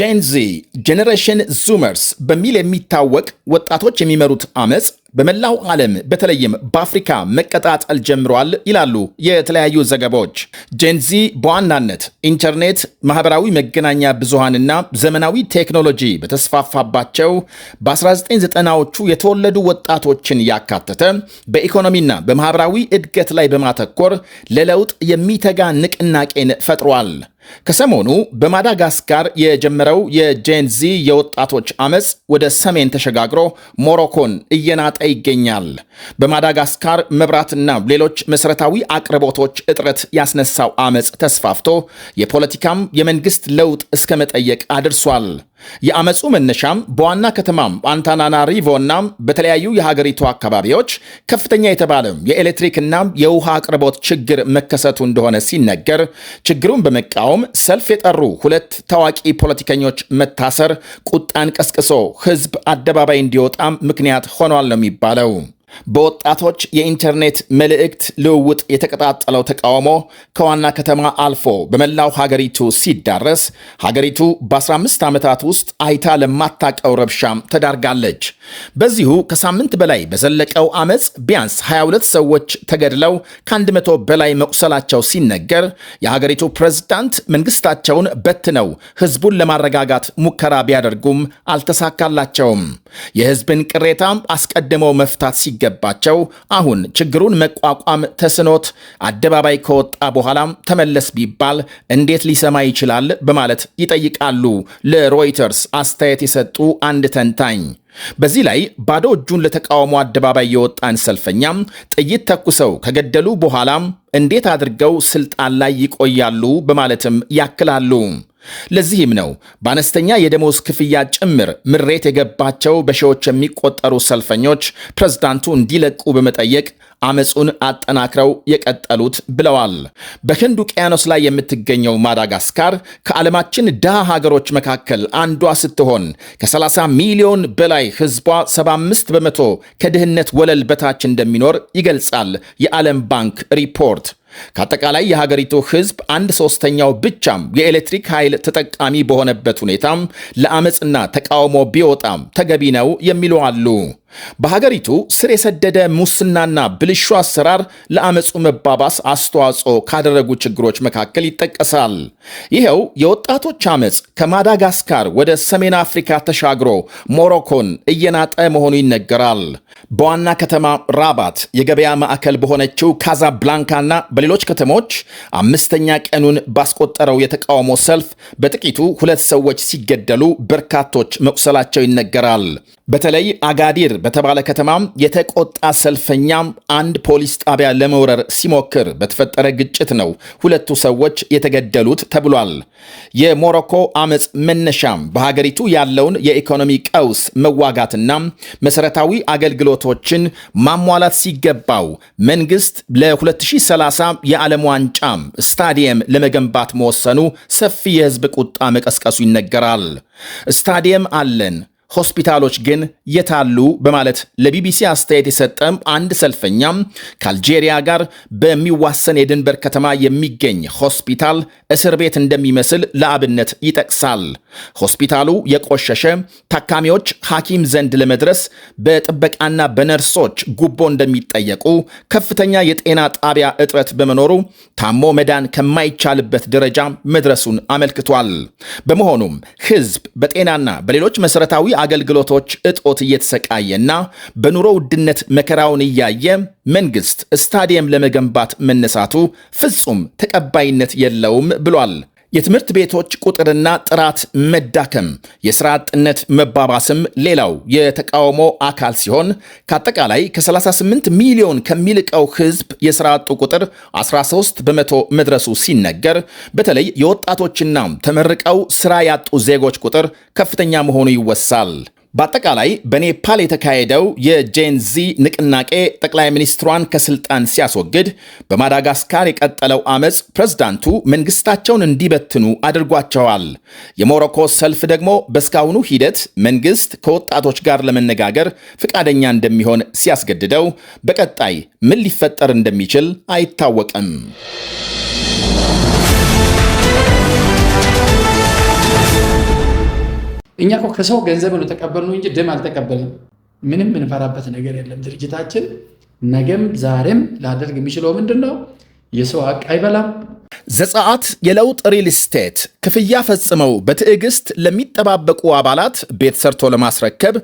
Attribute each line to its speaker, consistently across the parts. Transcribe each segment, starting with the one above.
Speaker 1: ጄንዚ ጄኔሬሽን ዙመርስ በሚል የሚታወቅ ወጣቶች የሚመሩት አመፅ በመላው ዓለም በተለይም በአፍሪካ መቀጣጠል ጀምሯል ይላሉ የተለያዩ ዘገባዎች። ጄንዚ በዋናነት ኢንተርኔት፣ ማህበራዊ መገናኛ ብዙሃንና ዘመናዊ ቴክኖሎጂ በተስፋፋባቸው በ1990ዎቹ የተወለዱ ወጣቶችን ያካተተ በኢኮኖሚና በማህበራዊ እድገት ላይ በማተኮር ለለውጥ የሚተጋ ንቅናቄን ፈጥሯል። ከሰሞኑ በማዳጋስካር የጀመረው የጄንዚ የወጣቶች አመፅ ወደ ሰሜን ተሸጋግሮ ሞሮኮን እየናጠ ይገኛል። በማዳጋስካር መብራትና ሌሎች መሠረታዊ አቅርቦቶች እጥረት ያስነሳው አመፅ ተስፋፍቶ የፖለቲካም የመንግሥት ለውጥ እስከ መጠየቅ አድርሷል። የአመፁ መነሻም በዋና ከተማም አንታናናሪቮና በተለያዩ የሀገሪቱ አካባቢዎች ከፍተኛ የተባለ የኤሌክትሪክና የውሃ አቅርቦት ችግር መከሰቱ እንደሆነ ሲነገር ችግሩን በመቃወም ሰልፍ የጠሩ ሁለት ታዋቂ ፖለቲከኞች መታሰር ቁጣን ቀስቅሶ ህዝብ አደባባይ እንዲወጣም ምክንያት ሆኗል ነው የሚባለው። በወጣቶች የኢንተርኔት መልእክት ልውውጥ የተቀጣጠለው ተቃውሞ ከዋና ከተማ አልፎ በመላው ሀገሪቱ ሲዳረስ ሀገሪቱ በ15 ዓመታት ውስጥ አይታ ለማታቀው ረብሻም ተዳርጋለች። በዚሁ ከሳምንት በላይ በዘለቀው አመፅ ቢያንስ 22 ሰዎች ተገድለው ከ100 በላይ መቁሰላቸው ሲነገር የሀገሪቱ ፕሬዝዳንት መንግስታቸውን በትነው ህዝቡን ለማረጋጋት ሙከራ ቢያደርጉም አልተሳካላቸውም። የህዝብን ቅሬታም አስቀድመው መፍታት ሲ ሲገባቸው አሁን ችግሩን መቋቋም ተስኖት አደባባይ ከወጣ በኋላም ተመለስ ቢባል እንዴት ሊሰማ ይችላል? በማለት ይጠይቃሉ ለሮይተርስ አስተያየት የሰጡ አንድ ተንታኝ። በዚህ ላይ ባዶ እጁን ለተቃውሞ አደባባይ የወጣን ሰልፈኛም ጥይት ተኩሰው ከገደሉ በኋላም እንዴት አድርገው ስልጣን ላይ ይቆያሉ? በማለትም ያክላሉ። ለዚህም ነው በአነስተኛ የደሞዝ ክፍያ ጭምር ምሬት የገባቸው በሺዎች የሚቆጠሩ ሰልፈኞች ፕሬዝዳንቱ እንዲለቁ በመጠየቅ አመፁን አጠናክረው የቀጠሉት ብለዋል። በህንድ ውቅያኖስ ላይ የምትገኘው ማዳጋስካር ከዓለማችን ድሃ ሀገሮች መካከል አንዷ ስትሆን ከ30 ሚሊዮን በላይ ህዝቧ 75 በመቶ ከድህነት ወለል በታች እንደሚኖር ይገልጻል የዓለም ባንክ ሪፖርት። ከአጠቃላይ የሀገሪቱ ህዝብ አንድ ሶስተኛው ብቻም የኤሌክትሪክ ኃይል ተጠቃሚ በሆነበት ሁኔታም ለአመፅና ተቃውሞ ቢወጣም ተገቢ ነው የሚሉ አሉ። በሀገሪቱ ስር የሰደደ ሙስናና ብልሹ አሰራር ለአመፁ መባባስ አስተዋጽኦ ካደረጉ ችግሮች መካከል ይጠቀሳል። ይኸው የወጣቶች አመፅ ከማዳጋስካር ወደ ሰሜን አፍሪካ ተሻግሮ ሞሮኮን እየናጠ መሆኑ ይነገራል። በዋና ከተማ ራባት የገበያ ማዕከል በሆነችው ካዛብላንካና በሌሎች ከተሞች አምስተኛ ቀኑን ባስቆጠረው የተቃውሞ ሰልፍ በጥቂቱ ሁለት ሰዎች ሲገደሉ በርካቶች መቁሰላቸው ይነገራል። በተለይ አጋዲር በተባለ ከተማ የተቆጣ ሰልፈኛ አንድ ፖሊስ ጣቢያ ለመውረር ሲሞክር በተፈጠረ ግጭት ነው ሁለቱ ሰዎች የተገደሉት ተብሏል። የሞሮኮ አመፅ መነሻም በሀገሪቱ ያለውን የኢኮኖሚ ቀውስ መዋጋትና መሰረታዊ አገልግሎቶችን ማሟላት ሲገባው መንግስት ለ2030 የዓለም ዋንጫ ስታዲየም ለመገንባት መወሰኑ ሰፊ የህዝብ ቁጣ መቀስቀሱ ይነገራል። ስታዲየም አለን ሆስፒታሎች ግን የታሉ በማለት ለቢቢሲ አስተያየት የሰጠም አንድ ሰልፈኛም ከአልጄሪያ ጋር በሚዋሰን የድንበር ከተማ የሚገኝ ሆስፒታል እስር ቤት እንደሚመስል ለአብነት ይጠቅሳል። ሆስፒታሉ የቆሸሸ፣ ታካሚዎች ሐኪም ዘንድ ለመድረስ በጥበቃና በነርሶች ጉቦ እንደሚጠየቁ፣ ከፍተኛ የጤና ጣቢያ እጥረት በመኖሩ ታሞ መዳን ከማይቻልበት ደረጃ መድረሱን አመልክቷል። በመሆኑም ሕዝብ በጤናና በሌሎች መሠረታዊ አገልግሎቶች እጦት እየተሰቃየና በኑሮ ውድነት መከራውን እያየ መንግስት ስታዲየም ለመገንባት መነሳቱ ፍጹም ተቀባይነት የለውም ብሏል። የትምህርት ቤቶች ቁጥርና ጥራት መዳከም፣ የሥራ አጥነት መባባስም ሌላው የተቃውሞ አካል ሲሆን ከአጠቃላይ ከ38 ሚሊዮን ከሚልቀው ሕዝብ የሥራ አጡ ቁጥር 13 በመቶ መድረሱ ሲነገር በተለይ የወጣቶችና ተመርቀው ስራ ያጡ ዜጎች ቁጥር ከፍተኛ መሆኑ ይወሳል። በአጠቃላይ በኔፓል የተካሄደው የጄንዚ ንቅናቄ ጠቅላይ ሚኒስትሯን ከስልጣን ሲያስወግድ፣ በማዳጋስካር የቀጠለው አመፅ ፕሬዝዳንቱ መንግስታቸውን እንዲበትኑ አድርጓቸዋል። የሞሮኮ ሰልፍ ደግሞ በእስካሁኑ ሂደት መንግስት ከወጣቶች ጋር ለመነጋገር ፈቃደኛ እንደሚሆን ሲያስገድደው፣ በቀጣይ ምን ሊፈጠር እንደሚችል አይታወቅም። እኛ ከሰው ገንዘብ ነው ተቀበልነው እንጂ ደም አልተቀበልንም። ምንም የምንፈራበት ነገር የለም። ድርጅታችን ነገም ዛሬም ላደርግ የሚችለው ምንድን ነው? የሰው ሀቅ አይበላም።
Speaker 2: ዘጸአት የለውጥ ሪል ስቴት ክፍያ ፈጽመው በትዕግስት ለሚጠባበቁ አባላት ቤት ሰርቶ ለማስረከብ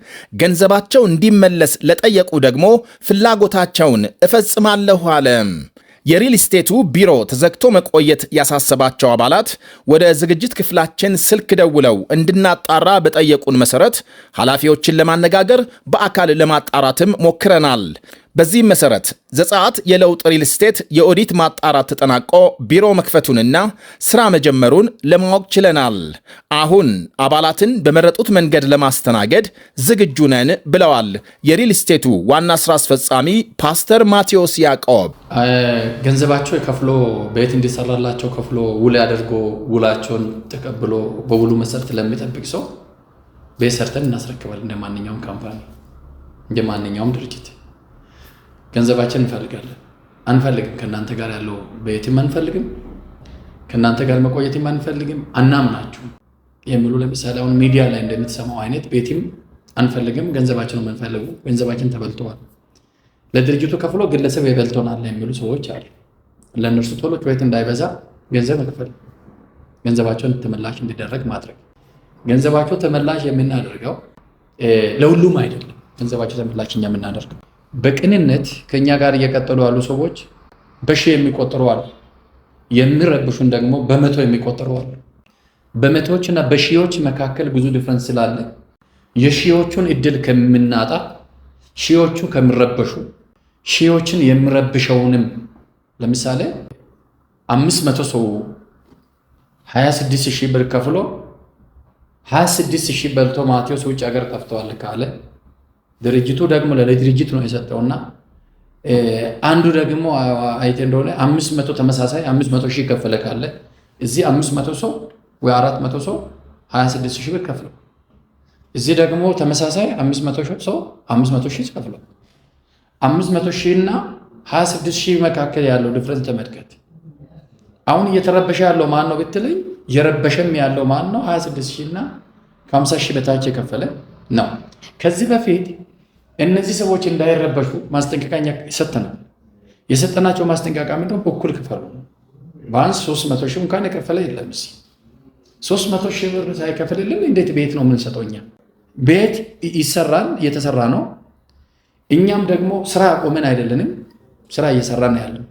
Speaker 2: ገንዘባቸው እንዲመለስ ለጠየቁ ደግሞ ፍላጎታቸውን እፈጽማለሁ አለም። የሪል ስቴቱ ቢሮ ተዘግቶ መቆየት ያሳሰባቸው አባላት ወደ ዝግጅት ክፍላችን ስልክ ደውለው እንድናጣራ በጠየቁን መሰረት ኃላፊዎችን ለማነጋገር በአካል ለማጣራትም ሞክረናል። በዚህም መሰረት ዘጸአት የለውጥ ሪል ስቴት የኦዲት ማጣራት ተጠናቆ ቢሮ መክፈቱንና ስራ መጀመሩን ለማወቅ ችለናል። አሁን አባላትን በመረጡት መንገድ ለማስተናገድ ዝግጁ ነን ብለዋል የሪል ስቴቱ ዋና ስራ አስፈጻሚ ፓስተር ማቴዎስ ያዕቆብ።
Speaker 1: ገንዘባቸው ከፍሎ ቤት እንዲሰራላቸው ከፍሎ ውል አድርጎ ውላቸውን ተቀብሎ በውሉ መሰረት ለሚጠብቅ ሰው ቤት ሰርተን እናስረክባል እንደ ማንኛውም ካምፓኒ እንደ ማንኛውም ድርጅት ገንዘባችን እንፈልጋለን። አንፈልግም። ከእናንተ ጋር ያለው በየትም አንፈልግም። ከእናንተ ጋር መቆየትም አንፈልግም። አናምናችሁም የሚሉ ለምሳሌ አሁን ሚዲያ ላይ እንደምትሰማው አይነት ቤትም አንፈልግም፣ ገንዘባችን የምንፈልጉ ገንዘባችን ተበልተዋል፣ ለድርጅቱ ከፍሎ ግለሰብ ይበልቶናል የሚሉ ሰዎች አሉ። ለእነርሱ ቶሎ ጩኸት እንዳይበዛ ገንዘብ መክፈል፣ ገንዘባቸውን ተመላሽ እንዲደረግ ማድረግ። ገንዘባቸው ተመላሽ የምናደርገው ለሁሉም አይደለም። ገንዘባቸው ተመላሽ እኛ የምናደርገው በቅንነት ከእኛ ጋር እየቀጠሉ ያሉ ሰዎች በሺ የሚቆጠሩ አሉ። የሚረብሹን ደግሞ በመቶ የሚቆጠሩ አሉ። በመቶዎች እና በሺዎች መካከል ብዙ ዲፍረንስ ስላለ የሺዎቹን እድል ከምናጣ ሺዎቹ ከምረበሹ ሺዎችን የሚረብሸውንም ለምሳሌ አምስት መቶ ሰው 26 ሺህ ብር ከፍሎ 26 ሺህ በልቶ ማቴዎስ ውጭ ሀገር ጠፍተዋል ካለ ድርጅቱ ደግሞ ለሌላ ድርጅት ነው የሰጠውና አንዱ ደግሞ አይቴ እንደሆነ አምስት መቶ ተመሳሳይ አምስት መቶ ሺህ ከፈለ ካለ እዚህ አምስት መቶ ሰው ወይ አራት መቶ ሰው ሀያ ስድስት ሺህ ብር ከፍለው እዚህ ደግሞ ተመሳሳይ አምስት መቶ ሰው አምስት መቶ ሺህ ከፍለው አምስት መቶ ሺህ እና ሀያ ስድስት ሺህ መካከል ያለው ድፍረት ተመልከት። አሁን እየተረበሸ ያለው ማን ነው ብትለኝ፣ እየረበሸም ያለው ማን ነው? ሀያ ስድስት ሺህ እና ከሀምሳ ሺህ በታች የከፈለ ነው። ከዚህ በፊት እነዚህ ሰዎች እንዳይረበሹ ማስጠንቀቂያ ሰጠናል። የሰጠናቸው ማስጠንቀቂያ ምንድን ነው? እኩል ክፈሉ። በአንስ ሶስት መቶ ሺህ እንኳን የከፈለ የለም። እዚህ ሶስት መቶ ሺህ ብር ሳይከፍልልን እንዴት ቤት ነው የምንሰጠው? እኛ ቤት ይሰራል፣ እየተሰራ ነው። እኛም ደግሞ ስራ ቆመን አይደለንም፣ ስራ እየሰራን ነው ያለን።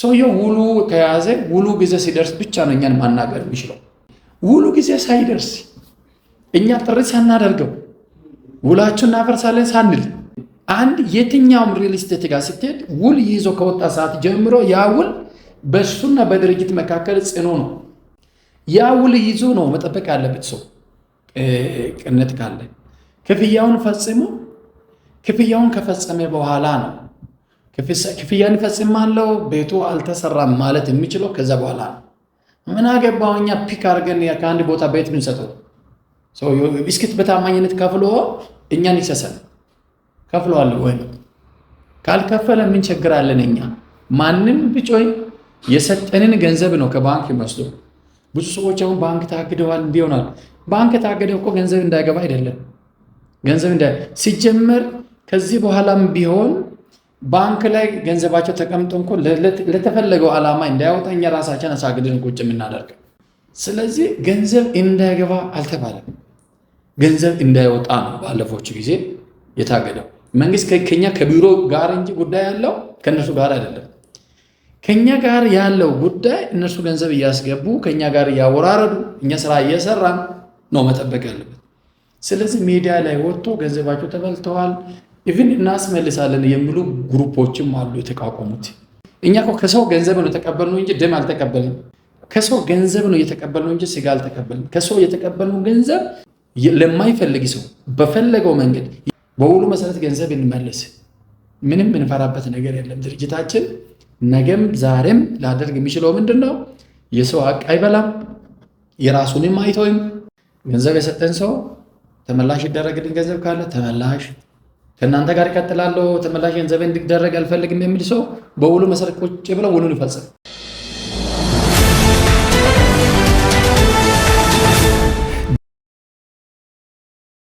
Speaker 1: ሰውየው ውሉ ከያዘ ውሉ ጊዜ ሲደርስ ብቻ ነው እኛን ማናገር የሚችለው። ውሉ ጊዜ ሳይደርስ እኛ ጥሪ ሳናደርገው ውላችሁን እናፈርሳለን ሳንል አንድ የትኛውም ሪል ስቴት ጋር ስትሄድ ውል ይዞ ከወጣ ሰዓት ጀምሮ ያ ውል በእሱና በድርጅት መካከል ጽኖ ነው። ያ ውል ይዞ ነው መጠበቅ ያለበት ሰው ቅነት ካለ ክፍያውን ፈጽሞ ክፍያውን ከፈጸመ በኋላ ነው። ክፍያን ፈጽማለው ቤቱ አልተሰራም ማለት የሚችለው ከዛ በኋላ ነው። ምን አገባው እኛ ፒክ አድርገን ከአንድ ቦታ ቤት ምንሰጠው ቢስክት በታማኝነት ከፍሎ እኛን ይሰሰን ከፍለዋል ወይ? ካልከፈለ ምን ቸግራለን እኛ? ማንም ብጮይ የሰጠንን ገንዘብ ነው ከባንክ ይመስሉ። ብዙ ሰዎች አሁን ባንክ ታግደዋል እንዲሆናል። ባንክ ታገደ እኮ ገንዘብ እንዳይገባ አይደለም። ገንዘብ እንዳ ሲጀመር ከዚህ በኋላም ቢሆን ባንክ ላይ ገንዘባቸው ተቀምጦ እንኮ ለተፈለገው ዓላማ እንዳያወጣ እኛ ራሳችን አሳግደን ቁጭ የምናደርገው ስለዚህ ገንዘብ እንዳይገባ አልተባለም። ገንዘብ እንዳይወጣ ነው ባለፎቹ ጊዜ የታገደው። መንግስት ከኛ ከቢሮ ጋር እንጂ ጉዳይ ያለው ከእነሱ ጋር አይደለም። ከኛ ጋር ያለው ጉዳይ እነሱ ገንዘብ እያስገቡ ከኛ ጋር እያወራረዱ እኛ ስራ እየሰራን ነው መጠበቅ ያለበት። ስለዚህ ሚዲያ ላይ ወጥቶ ገንዘባቸው ተበልተዋል ኢቭን እናስመልሳለን የሚሉ ግሩፖችም አሉ የተቋቋሙት። እኛ ከሰው ገንዘብ ነው የተቀበልነው እንጂ ደም አልተቀበልንም። ከሰው ገንዘብ ነው እየተቀበልነው እንጂ ስጋ አልተቀበልንም። ከሰው እየተቀበልነው ገንዘብ ለማይፈልግ ሰው በፈለገው መንገድ በውሉ መሰረት ገንዘብ እንመለስ። ምንም እንፈራበት ነገር የለም። ድርጅታችን ነገም ዛሬም ላደርግ የሚችለው ምንድን ነው? የሰው አቅ አይበላም። የራሱንም አይተውም። ገንዘብ የሰጠን ሰው ተመላሽ ይደረግልን ገንዘብ ካለ ተመላሽ ከእናንተ ጋር ይቀጥላለሁ፣ ተመላሽ ገንዘብ እንዲደረግ አልፈልግም የሚል ሰው በውሉ መሰረት ቁጭ ብለው ውሉን ይፈጽም።